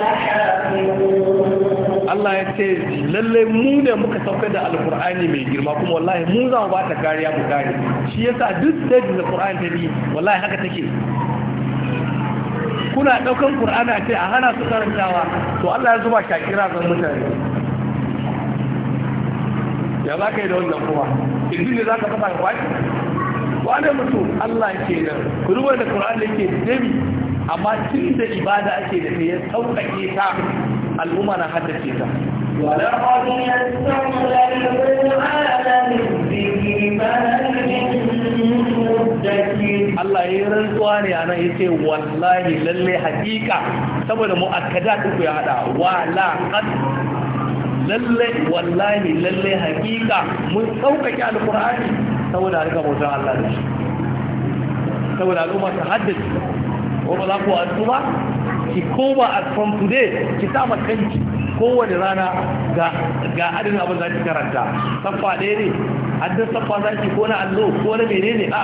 Allah ya ce lallai mu ne muka sauka da alkur'ani mai girma kuma wallahi mu za mu ba ta kariya mu kare shi yasa duk da da qur'ani ta yi wallahi haka take kuna daukan qur'ana ce a hana su karantawa to Allah ya zuba shakira ga mutane ya za ka da wannan kuma idan ne za ka fasa wani wane mutum Allah ke nan ku da qur'ani yake dami amma tun da ibada ake da ta ya sauƙaƙe ta al'umma na haddace ta ولقد يسرنا القرآن للذكر فهل Allah ya yi rantsuwa ne a nan ya ce wallahi lalle hakika saboda mu akada uku ya hada wala qad lalle wallahi lalle hakika mun sauƙaƙe alqur'ani saboda a rika bautar Allah da shi saboda al'umma ta haddace ko ba za ku addu'a ki koma a from today ki sama kanki kowane rana ga adin abin za ki karanta saffa ɗaya ne addin saffa za ki ko na allo ko na menene a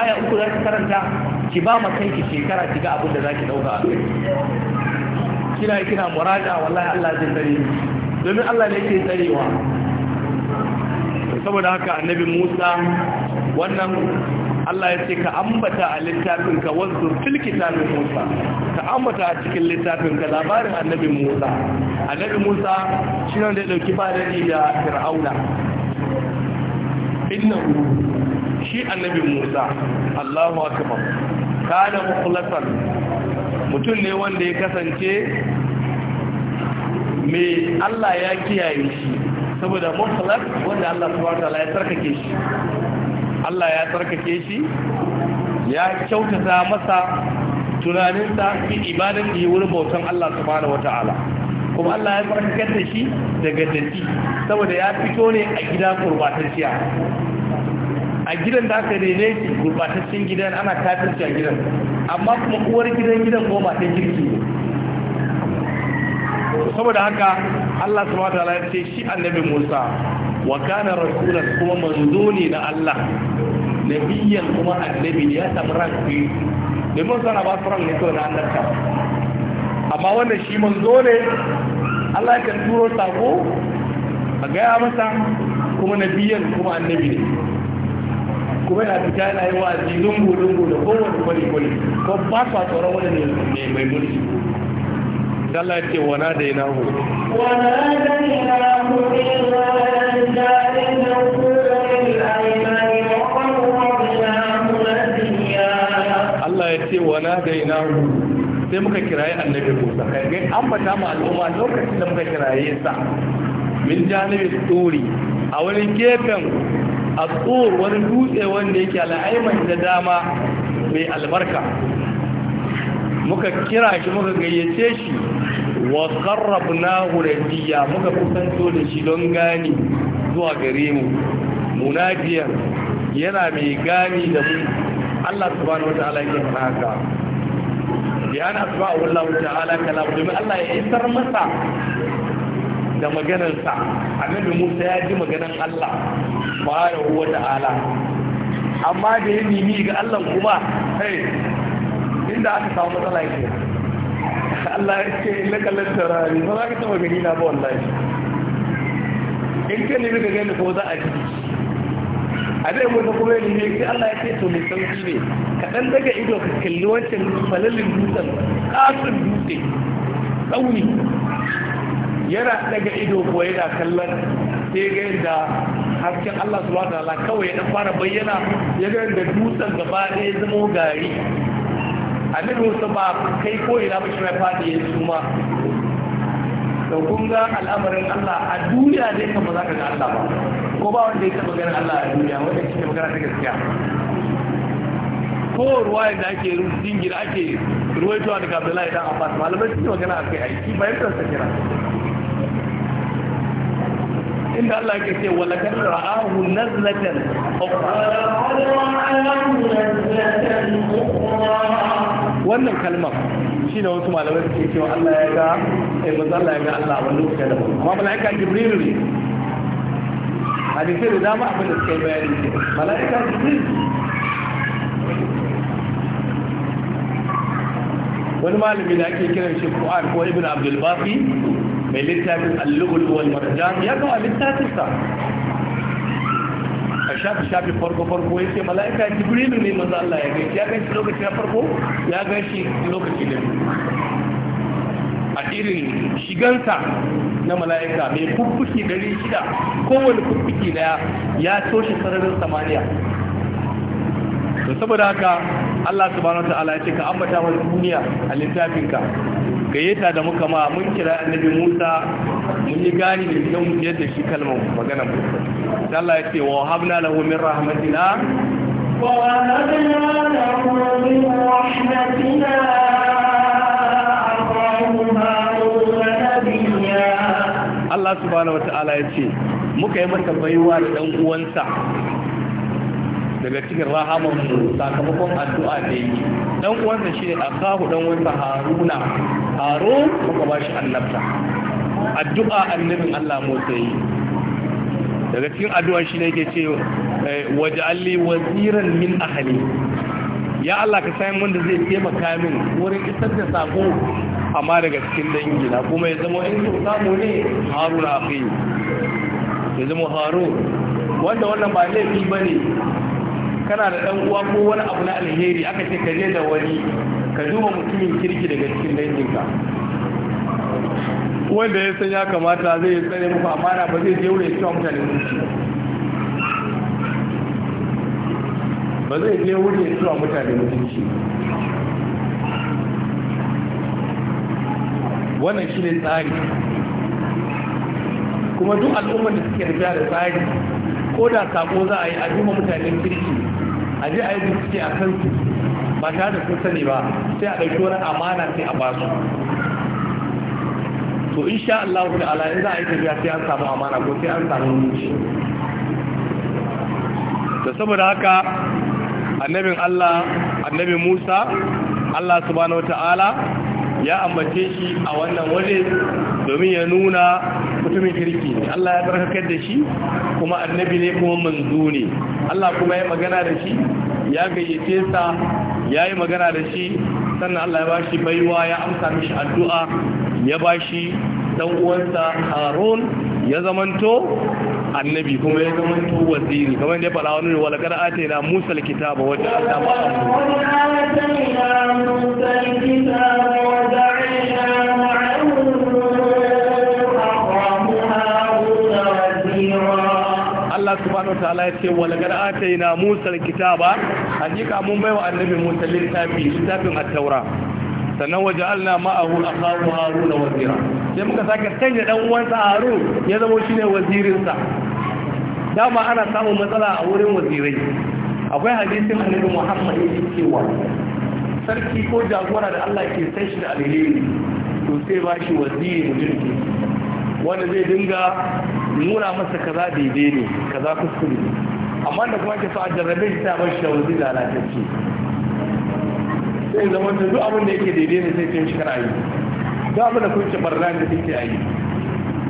aya uku za ki karanta ki ba ma kanki shekara ki ga abin da za ki ɗauka a kai kina kina muraja wallahi Allah zai tsare domin Allah ne yake tsarewa saboda haka annabi Musa wannan Allah ya ce ka ambata a littafin ka wanzu fil kitabin Musa ka ambata a cikin littafin ka labarin annabi Musa annabi Musa shi ne da ya dauki fadari da Fir'auna innahu shi annabi Musa Allahu akbar kana mukhlasan mutum ne wanda ya kasance me Allah ya kiyaye shi saboda mukhlas wanda Allah subhanahu wa ta'ala ya sarkake shi Allah ya tsarkake shi ya kyautata masa tunaninsa fi ibadan da ya wurin bautan Allah subhanahu wata'ala kuma Allah ya tsarkakar da shi daga datti saboda ya fito ne a gida gurbatacciya a gidan da aka rene shi gurbataccen gidan ana kafirci a gidan amma kuma uwar gidan gidan goma ta girki saboda haka Allah subhanahu wata'ala ya ce shi annabi Musa wa kana rasulan kuma manzo ne na Allah nabiyan kuma annabi ne ya samu ranki domin sana ba su ranki kawai na annabta amma wannan shi manzo ne Allah kan turo a gaya kuma kuma ne kuma yana fita yana yi wa zungu-zungu da kowane kwali ko ba su a tsoron wani mai mulki Allah ya ce wa na dai nahu wa da dai nahu illa Allah ya ce wana na dai nahu sai muka kiraye annabi Musa kai an fata mu al'umma lokacin da muka kiraye sa min janibin tsuri a wani gefen a tsor wani dutse wanda yake al'aiman da dama mai albarka muka kira shi muka gayyace shi wa qarrabnahu radiya muka kusanto da shi don gani zuwa gare mu munadiyan yana mai gani da mu Allah na wata subhanahu wataala ya fara haka bayan asma'u Allah ta'ala kalamu domin Allah ya isar masa da maganarsa annabi Musa ya ji maganar Allah wata wataala amma da ya nimi ga Allah kuma hey inda aka samu matsala yake Allah ya ce ina kallon taurari ba za ka taba gani na ba wallahi in ka nemi ka gani ko za a ji a zai mutu kuma ya ne sai Allah ya ce to mai sauki ne ka dan daga ido ka kalli wancan falalin dutsen kasin dutse tsauni yana daga ido ko yana kallon sai ga yadda hasken Allah su wata ta'ala kawai ya ɗan fara bayyana ya ga yadda dutsen gaba ɗaya zama gari amir musu ba kai ko ina ba shi mai fadi ya ma da kun ga al'amarin Allah a duniya dai kan ba za ka ga Allah ba ko ba wanda ya taɓa ganin Allah a duniya wanda shi ne magana ta gaskiya ko ruwa da ake dingina ake ruwaitowa daga Abdullahi dan Abbas malamai su magana akai aiki bayan kansa sakira inda Allah ke ce wala kan ra'ahu nazlatan wannan kalmar shi ne wasu malamai suke cewa Allah ya ga ai eh, manzo Allah ya ga Allah wani lokaci da amma malaika Jibril ne hadisai da dama abin da suka yi bayani ce malaika Jibril wani malami da ake kiran shi Fuad ko Ibn Abdul Bafi mai littafin allubul wal marjan ya kawo littafinsa a shafi shafi farko farko ya ce mala'ika Jibril ne maza Allah ya gaishe ya gaishe lokaci na farko ya gaishe lokaci na biyu a irin shigansa na mala'ika mai kukkuki dari shida kowane kukkuki daya ya toshe sararin samaniya to saboda haka Allah subhanahu wa ta'ala ya ce ka ambata wa duniya a littafinka gayyata da muka ma mun kira annabi Musa mun yi gani da shi mun yadda shi kalmar magana mu Allah ya ce wa habna lahu min rahmatina wa habna lahu min rahmatina Allah subhanahu wata'ala ya ce muka yi masa baiwa da ɗan uwansa daga cikin rahamanmu sakamakon addu'a da yi ɗan uwansa shi ne a kahu ɗan uwansa haruna haro kuma ba shi annabta addu'a annabin Allah Musa yi daga cikin addu'a shi ne yake ce eh, waje alli waziran min ahali ya Allah ka sayan da zai taimaka min wurin isar da sako amma daga cikin dangi na kuma ya zama in so samu ne haruna akai ya zama Haru, wanda wannan ba laifi ba ne kana da ɗan uwa ko wani abu na alheri aka ce ka je da wani ka duba mutumin kirki daga cikin danginka wanda ya san ya kamata zai yi tsare muku amana ba zai je wurin cewa mutane zuci ba zai je wurin cewa mutane zuci wannan shi ne tsari kuma duk al'ummar da suke tafiya da tsari ko da sako za a yi a duba mutanen kirki a je a yi bincike a kansu ba ta da sun sani ba sai a ɗauki wani amana sai a ba su to sha Allah da ala in za a yi tafiya sai an samu amana ko sai an samu mutunci da saboda haka annabin Allah annabi Musa Allah subhanahu wataala ya ambace shi a wannan waje domin ya nuna mutumin kirki ne Allah ya barkakar da shi kuma annabi ne kuma manzo ne Allah kuma ya magana da shi ya gayyace sa ya yi magana da shi sannan Allah ya bashi baiwa ya amsa mishi addu'a ya bashi dan uwansa Harun ya zamanto annabi kuma ya zamanto waziri kamar da ya faɗa wani wala kada ate na Musa alkitaba wanda Allah ba amsa Allah subhanahu wa ta'ala ya ce wala kada ate na Musa alkitaba hakika mun baiwa annabi Musa littafi littafin at-taura sannan waje ma'ahu a kawo wazira sai muka saka sanya dan uwansa harun ya zama shine wazirinsa dama ana samun matsala a wurin wazirai akwai hadisin annabi muhammad yake cewa sarki ko jagora da allah ke sai shi da alheri to sai ba shi waziri mutunci wanda zai dinga nuna masa kaza daidai ne kaza kuskure amma da kuma ke so a jarrabe shi ta bar shi da wuri lalatacce sai zama da duk abin da yake daidai ne sai ce shi kana yi duk abin da kun ci barna da kake a yi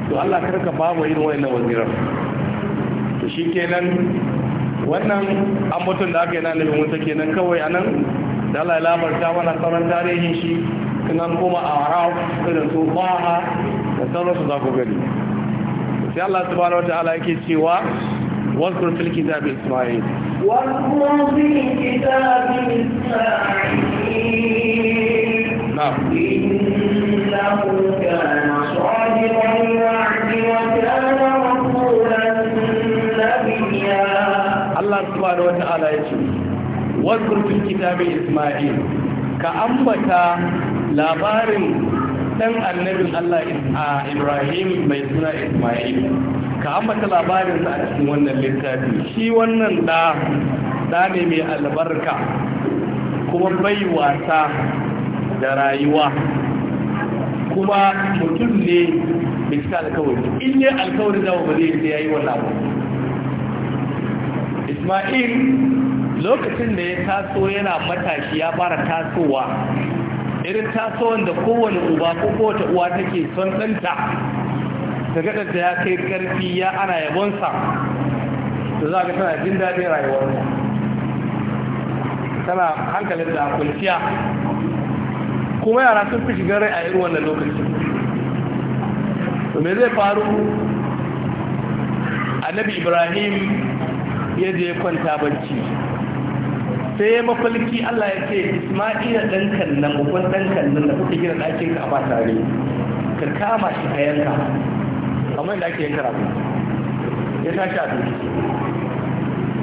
to Allah kar ka ba mu irin wannan wazirar to shi kenan wannan an ambaton da aka yi na nabi musa kenan kawai anan da Allah ya labarta mana sauran tarihin shi kuma kuma koma a arab da su baha da sauransu za ku gani sai Allah subhanahu ta'ala yake cewa واذكر في الكتاب إسماعيل واذكر في الكتاب إسماعيل نعم إنه كان صادق الوعد وكان رسولا نبيا الله سبحانه وتعالى يقول واذكر في الكتاب إسماعيل ka ambata labarin dan annabin Allah a Ibrahim mai suna Ismail ka ambata labarin sa a cikin wannan littafi shi wannan da da ne mai albarka kuma bai wasa da rayuwa kuma mutum ne mai cika alkawari in yi alkawari da ba zai sai yayi wannan abu Ismail lokacin da ya taso yana matashi ya fara tasowa irin tasowar da kowane uba ko kowace uwa take son ɗanta ta gaɗanta ya kai ƙarfi ya ana yabonsa da za ga tana jin daɗin rayuwarsa tana hankalin da kwanciya kuma yara sun fi shigar rai a irin wannan lokaci me zai faru annabi ibrahim ya je kwanta bacci sai ya mafalki Allah ya ce Isma'ila dan kallon uban dan kallon da kuka gina ɗakin ka ba tare ka kama shi ka yanka amma yadda ake yanka rafi ya tashi a duki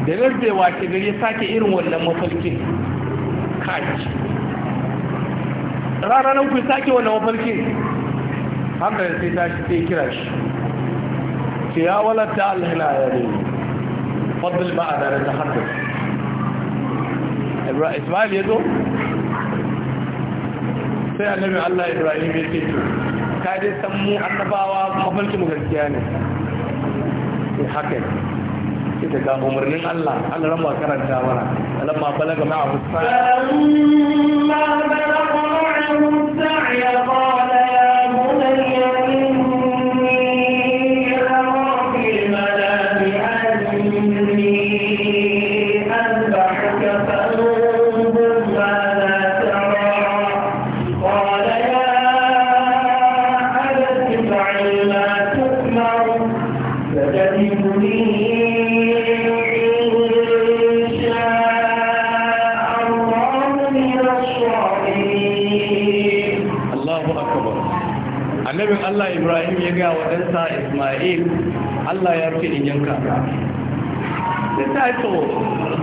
da rarrewa ke gari ya sake irin wannan mafalkin kaji rana nan ku sake wannan mafalkin haka sai tashi sai kira shi ke ya walata alhina ya ne fadl ba'ada da haddasa Ismail ya zo sai annabi Allah Ibrahim ya ce ka dai san mu annabawa mafarki mu gaskiya ne sai haka ne sai ga umarnin Allah Allah ran ba karanta mana Allah ma balaga ma'a musa ma balaga ma'a Allah ya rufe ɗin yanka Da ta to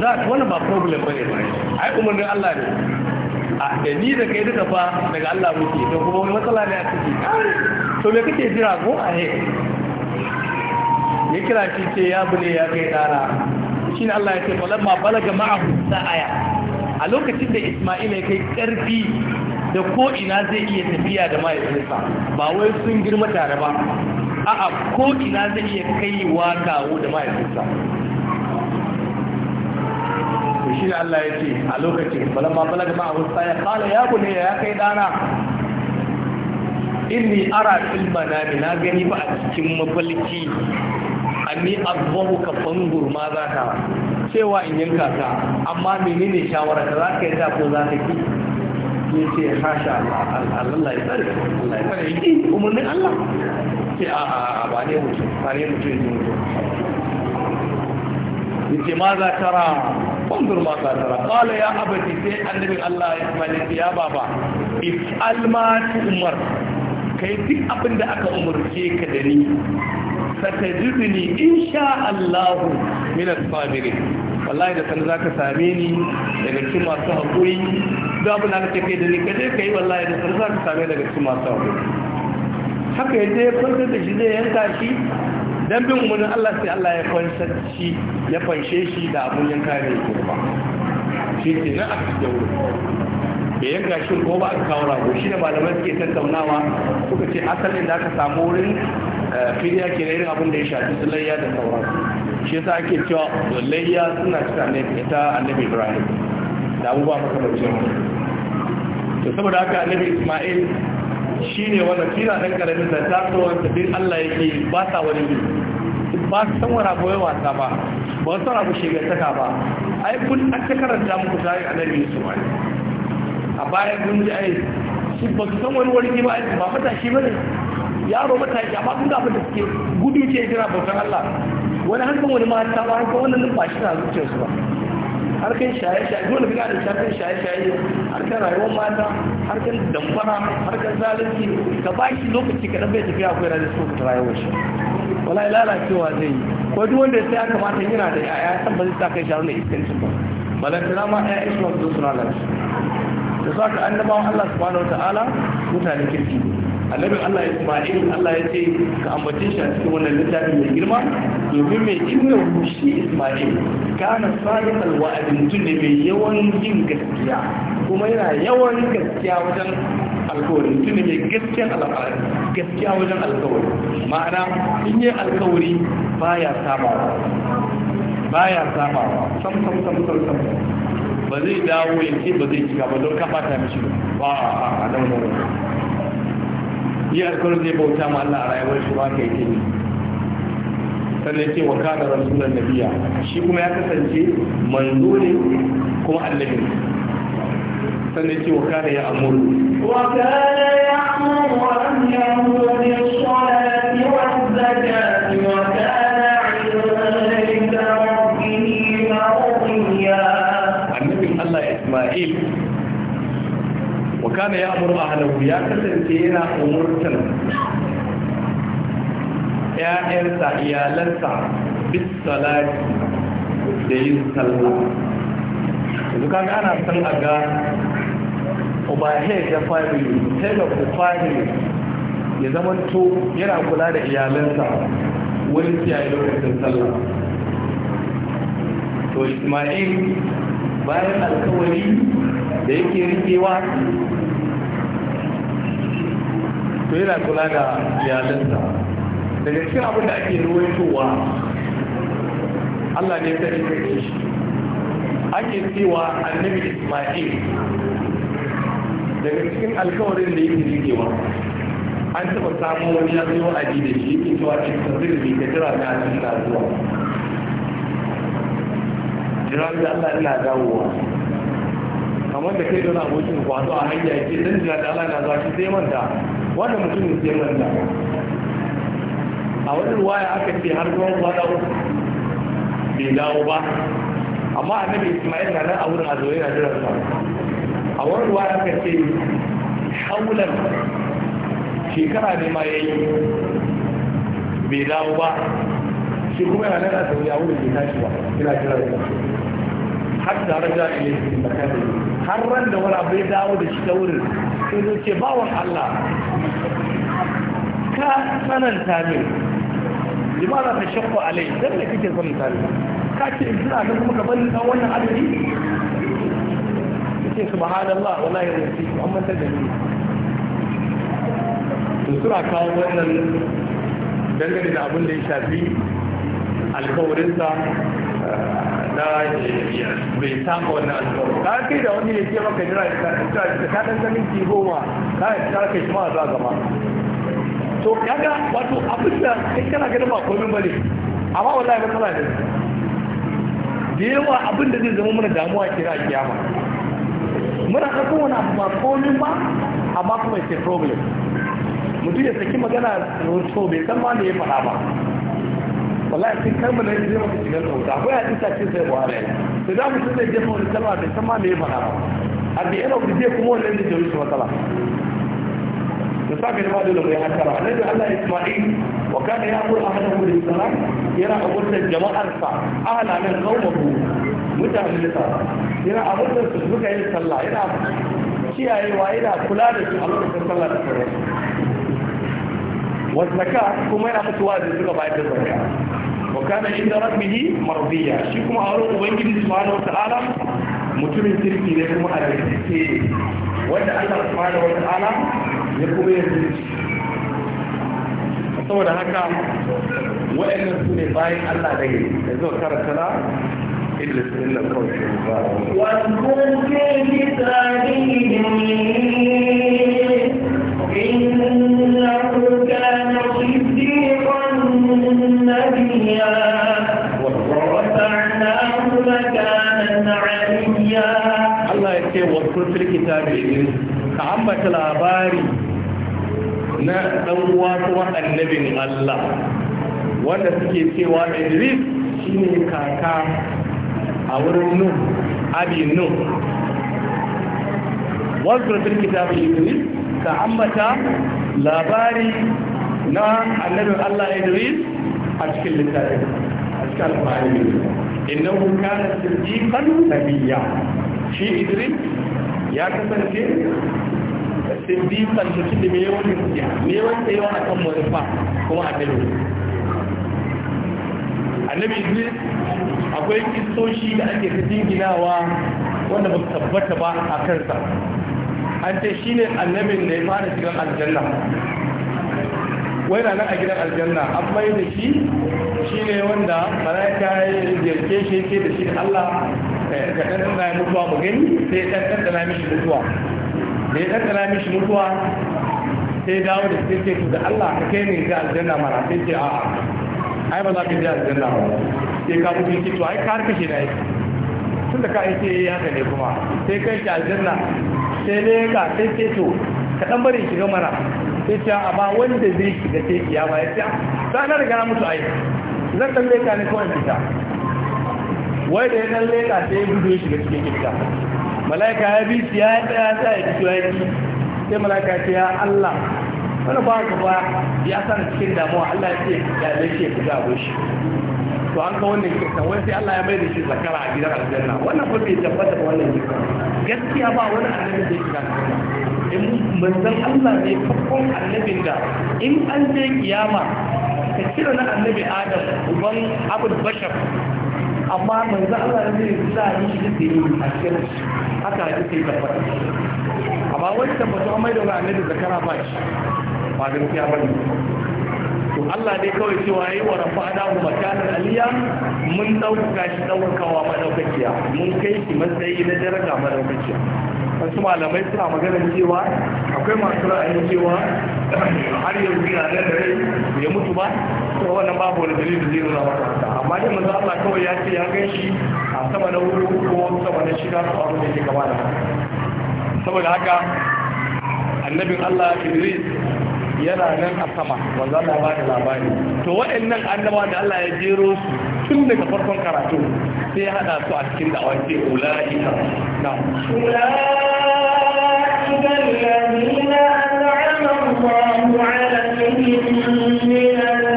that wani ba problem ba ne ba ai umarnin Allah ne a da ni da kai duka fa daga Allah muke to kuma wani matsala ne a ciki to me kake jira go he? ya kira shi ce ya bule ya kai dara shi ne Allah ya ce ma falamma balaga ma'ahu aya. a lokacin da Isma'ila ya kai karfi da ko ina zai iya tafiya da mahaifinsa ba wai sun girma tare ba a'a ko ina zai iya kaiwa kawo da mahaifinsa ku shi Allah ya ce a lokacin balamma balaga ma abu ya kala ya ne ya kai dana inni ara ilmana ne na gani ba a cikin mafalki anni abubuwa ka fangur ma za ka cewa in yanka ka amma menene shawara ka za ka yi ko za ka ki ya ce hasha Allah ya tsare Allah ya tsare umarnin Allah ce a ba ne mutum ba ne mutum ne mutum yake ma za tara unzur ma za tara qala ya abati sai annabi Allah ya fadi ya baba if alma umar kai duk abin da aka umarce ka da ni satajidni insha Allah min as-sabirin wallahi da san zaka same ni daga cikin masu hakuri da abin da kake da ni kaje kai wallahi da san zaka same daga cikin masu hakuri aka yi zai kwantar da shi zai yanka shi don bin umarnin Allah sai Allah ya kwantar shi ya fanshe shi da abun yanka ne kurba shi ke nan aka da wuri ya yanka shi ko ba aka kawo rago shi ne malamai suke tattaunawa suka ce asalin da aka samu wurin eh, fidiya ke na irin abin da ya shafi su layya da sauran shi yasa ake cewa layya suna cikin ta annabi ibrahim da abubuwa makamancin to saboda haka annabi isma'il Shi ne wannan kila ɗan ƙaramin da ta to wanda din Allah yake ba sa wani ba su san wani abu wasa ba ba su abu shigantaka ba ai kun an ta karanta muku tare a nan su ba a bayan sun ji ai su ba su san wani wani ba ba matashi ba ne yaro matashi amma kun abin da suke gudu ce jira bautan Allah wani hankali wani mata ba hankali wannan ba na zuciyarsu ba harkar shaye-shaye dole fi gane shafin shaye-shaye harkar rayuwar mata harkar dambara harkar zalunci ka ba shi lokaci ka bai tafiya akwai da su ta rayuwar shi wala lalacewa zai yi ko duk wanda sai aka mata yana da yaya san ba zai sa kai sharu da iskancin ba balantana ma ya ishi masu suna lalace da za ka annabawan allah subhanahu wa ta'ala mutane kirki ne annabi Allah Isma'il Allah ya ce ka ambace shi a cikin wannan littafin mai girma domin mai inda shi Isma'il kana sadiq alwa'd mutum ne mai yawan jin gaskiya kuma yana yawan gaskiya wajen alkawari mutum ne mai gaskiya alkawari gaskiya wajen alkawari ma'ana in yi alkawari baya sabawa baya sabawa sam sam sam sam sam ba zai dawo ya ce ba zai cika ba don ka bata mishi ba a a a yi alkawarin zai bauta ma Allah a rayuwar shi ba ka yi sannan ce wa kada rasulun nabiya shi kuma ya kasance manzo ne kuma annabi sannan ce wa kada ya amuru wa kada ya amuru wa an yamuru kana ya amuru ahlahu ya kasance yana umurtan ƴaƴansa iyalansa bis da yin sallah yanzu kaga ana san a ga overhead ya family head of the family ya zama to yana kula da iyalansa siya yi lokacin sallah to ismail bayan alkawari da yake rikewa to yana kula da iyalinsa daga cikin abin da ake ruwaitowa Allah ne ta yi shi ake cewa annabi Ismail daga cikin alkawarin da yake rikewa an taɓa samu wani ya zo a da shi yake cewa in ka zirbi ta jira na cikin kasuwa jira da Allah ina dawowa kamar da kai don abokin kwado a hanya ke zan jira da Allah na zafi sai manta wanda mutumin sai manta a wani ruwaya aka ce har zuwa kwana uku bai dawo ba amma a annabi ismail na nan a wurin a zoye na jiran sa a wani ruwaya aka ce haulan shekara ne ma ya yi bai dawo ba shi kuma yana nan a sauri a wurin bai tashi ba ina jiran sa har da har da yi. har ran da wani abu ya dawo da shi ta wurin sai zo ce bawan allah ka tsananta ne limana ta shakku alai dan da kike tsananta ne ka ce in suna ga kuma ka bani dan wannan adadi yake subhanallah wallahi yanzu amma ta gani to suna kawo wannan dangane da abin da ya shafi alkawarinsa na bai saka wannan alkawarin ka kai da wani ya ce maka jira ka ta dan ganin ki goma ka ta kai shi ma za gaba to kaga wato abin da kana ganin ba komai bane amma wallahi matsala ne da yawa abin da zai zama mana damuwa ke a kiyama muna ɗauko wani abu ba komai ba amma kuma ke problem mutum ya saki magana to bai san ma ne ya faɗa ba wallahi sai kalmar da zai maka shigar sauta akwai a isa ce sai buhari sai da mutum zai jefa wani kalma bai san ma ne ya faɗa ba a biyar da zai kuma wani da ya su matsala يسمى المؤذن بأثرة الذي على إسماعيل وكان يأكل أهله للسلام يرى أبوت الجماعة أهل من قومه متعملتا يرى أبوت السلوك إلى الصلاة يرى شيئا وإلى كلا لسي الله صلى الله والزكاة كما يرى متواجد سلوك بعد الزكاة وكان عند ربه مرضية شيكم أروق وإنجل سبحانه وتعالى mutumin kirki ne kuma a da wanda Allah subhanahu wa ta'ala ya kuma yin haka wa'annan su ne bayan allah da ya zo karatara ila su ila kawai ba Allah ya ce wasu sulki ta ka ambata labari na ɗan kuma annabin Allah wanda suke cewa Idris shine kaka a wurin Nuh abi Nuh wasu rufin kitabin Idris ka ambata labari na annabin Allah Idris a cikin littafin a cikin alfahari innahu kana siddiqan nabiyya shi Idris ya kasance sai bisan mutum da mai yawan gaskiya mai yawan tsayawa a kan manufa kuma a dalili annabi idris akwai kistoshi da ake ta jinginawa wanda ba tabbata ba a kansa an ce shi ne annabin da ya fara shigar aljanna wai rana a gidan aljanna an mai da shi shi ne wanda malaka ya jirke shi ke da shi Allah eh, ka ɗan ɗan mutuwa mu gani sai ɗan ɗan mishi mutuwa da ya tattala mishi mutuwa sai dawo da su ce da Allah ka kai ne ga aljanna mara sai ce a'a ai ba za ka je aljanna ba sai ka mutu ki to ai ka harka shi da yake tun da ka aike ya eh, haka ne kuma sai kai shi aljanna sai ne ka sai ce to ka dan bari shiga mara sai ce a ba wanda zai shiga sai ba ya ce za na riga na mutu ai zan dan leka ne kawai fita wai da ya dan leka sai ya gudu ya shiga cikin kiyama mala'ika ya bi shi ya yi ya ta ya fito yaki sai mala'ika ce ya Allah wani ba ka ba ya san cikin damuwa Allah ya ce ya lace ku ga shi to an ga wannan kirkan wai sai Allah ya mai da shi zakara a gidan aljanna wannan ba bai tabbata ba wannan kirkan gaskiya ba wani annabi da yake aljanna in manzon Allah ne farkon annabin da in an je kiyama ka kira na annabi Adam uban Abul Bashar amma a Allah ne za a yi shi da yi a cikin haka ya ce tabbata amma wani tabbata a mai da ne da zakara ba shi ba gaskiya ba ne to Allah dai kawai cewa yi wa rafa'ana mu makanan aliya mun dauka shi daukawa madaukakiya mun kai shi matsayi na daraja madaukakiya wasu malamai suna magana cewa akwai masu ra'ayin cewa har yanzu yana da rai ya mutu ba to wannan babu wani dalili zai nuna maka haka amma dai manzo Allah kawai ya ce ya gan shi a sama na wuri ko sama na shida ko abin da yake gaba da saboda haka annabin Allah Idris yana nan a sama wanda Allah ba bada labari to waɗannan annabawa da Allah ya jero su tun daga farkon karatu sai ya hada su a cikin da'awa ce ulaika na ulaika alladhina an'ama Allahu 'ala na.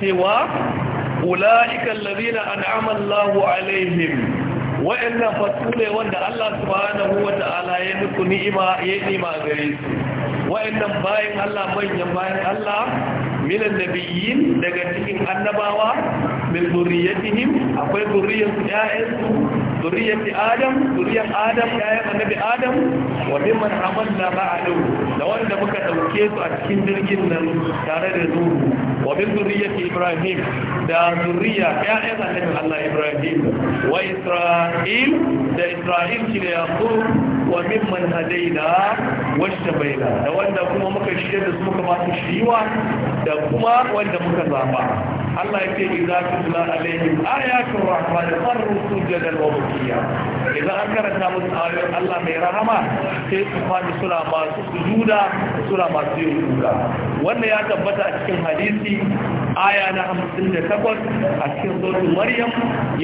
cewa ula'ika allazina an amallahu alaihim wa'annan fatule wanda Allah subhanahu wa ta'ala ya muku ni'ima ya ni'ima gare su wa'annan bayan Allah manyan bayan Allah minan nabiyyin daga cikin annabawa min zurriyatihim akwai zurriyar ƴaƴansu zuriyar adam zuriyar adam yayin annabi adam wa mimman amanna ba'du da wanda muka dauke su a cikin jirgin nan tare da nuhu wa min zuriyati ibrahim da zuriya yayin annabi Allah ibrahim wa isra'il da isra'il shi da yaqub wa mimman hadaina washtabaina da wanda kuma muka shirya da su muka ba su shiwa da kuma wanda muka zaba Allah ya ce idza tutla alaihim ayatul rahman farru sujadan wa bukiya idan an karanta musu ayoyin Allah mai rahama sai su fadi suna masu sujuda suna masu yin wannan ya tabbata a cikin hadisi aya na 58 a cikin suratul maryam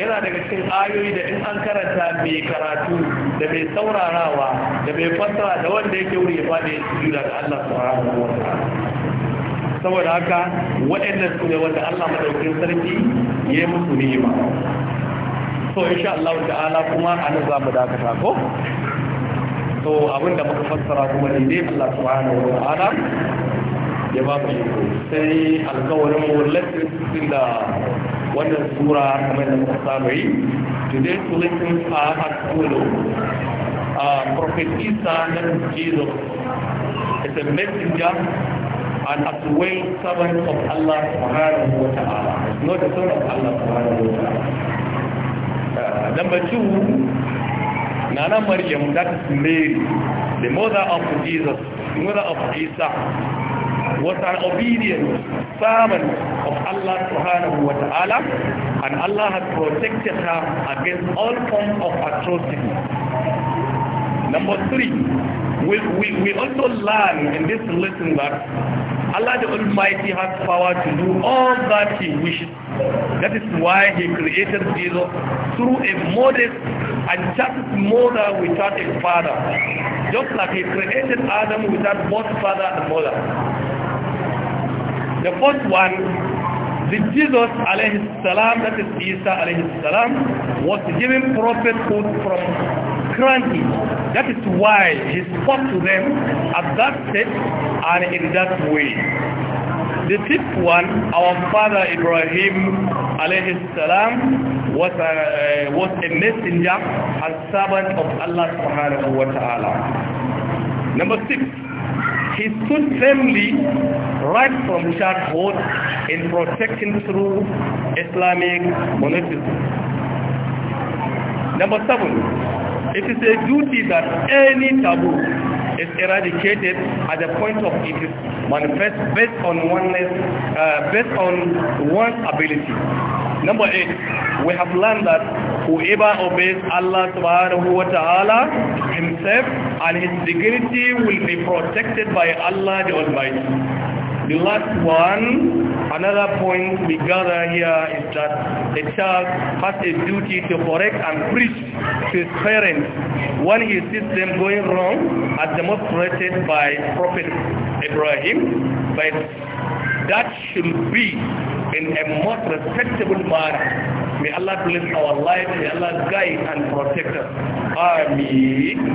yana daga cikin ayoyi da in an karanta mai karatu da mai saurarawa da mai fassara da wanda yake wuri ya fadi sujuda ga Allah subhanahu wa ta'ala saboda haka waɗanda su ne wanda Allah madaukakin sarki ya yi musu ni'ima so insha Allah ta'ala kuma an nan za mu dakata ko to abin da muka fassara kuma ne dai Allah subhanahu wa ta'ala ya ba mu sai alƙawarin mu lattin da wannan sura kamar da muka samu yi today to listen are as follow uh, ah, prophet Isa that Jesus is a messenger and as way servants of Allah subhanahu wa ta'ala, not the son of Allah uh, subhanahu wa ta'ala. number two, Nana Maryam, that is Mary, the mother of Jesus, the mother of Isa, was an obedient servant of Allah subhanahu wa ta'ala, and Allah has protected her against all forms of atrocity. Number three, we, we, we also learn in this lesson that Allah the Almighty has power to do all that He wishes. That is why He created Jesus through a modest and just mother without a father. Just like He created Adam without both father and mother. The first one, the Jesus alayhi salam, that is Isa alayhi salam, was given prophethood from granted. That is why he spoke to them at that stage and in that way. The fifth one, our father Ibrahim alayhi salam was a, uh, was a messenger and servant of Allah subhanahu wa ta'ala. Number six, he stood firmly right from childhood in protecting through Islamic monotheism. Number seven, It is a duty that any taboo is eradicated at the point of it is manifest based on oneness, uh, based on one's ability. Number eight, we have learned that whoever obeys Allah subhanahu wa ta'ala himself and his dignity will be protected by Allah the Almighty. The last one, another point we gather here is that a child has a duty to correct and preach to his parents when he sees them going wrong as demonstrated by Prophet Ibrahim. But that should be in a most respectable manner. May Allah bless our life. May Allah guide and protect us. Ameen.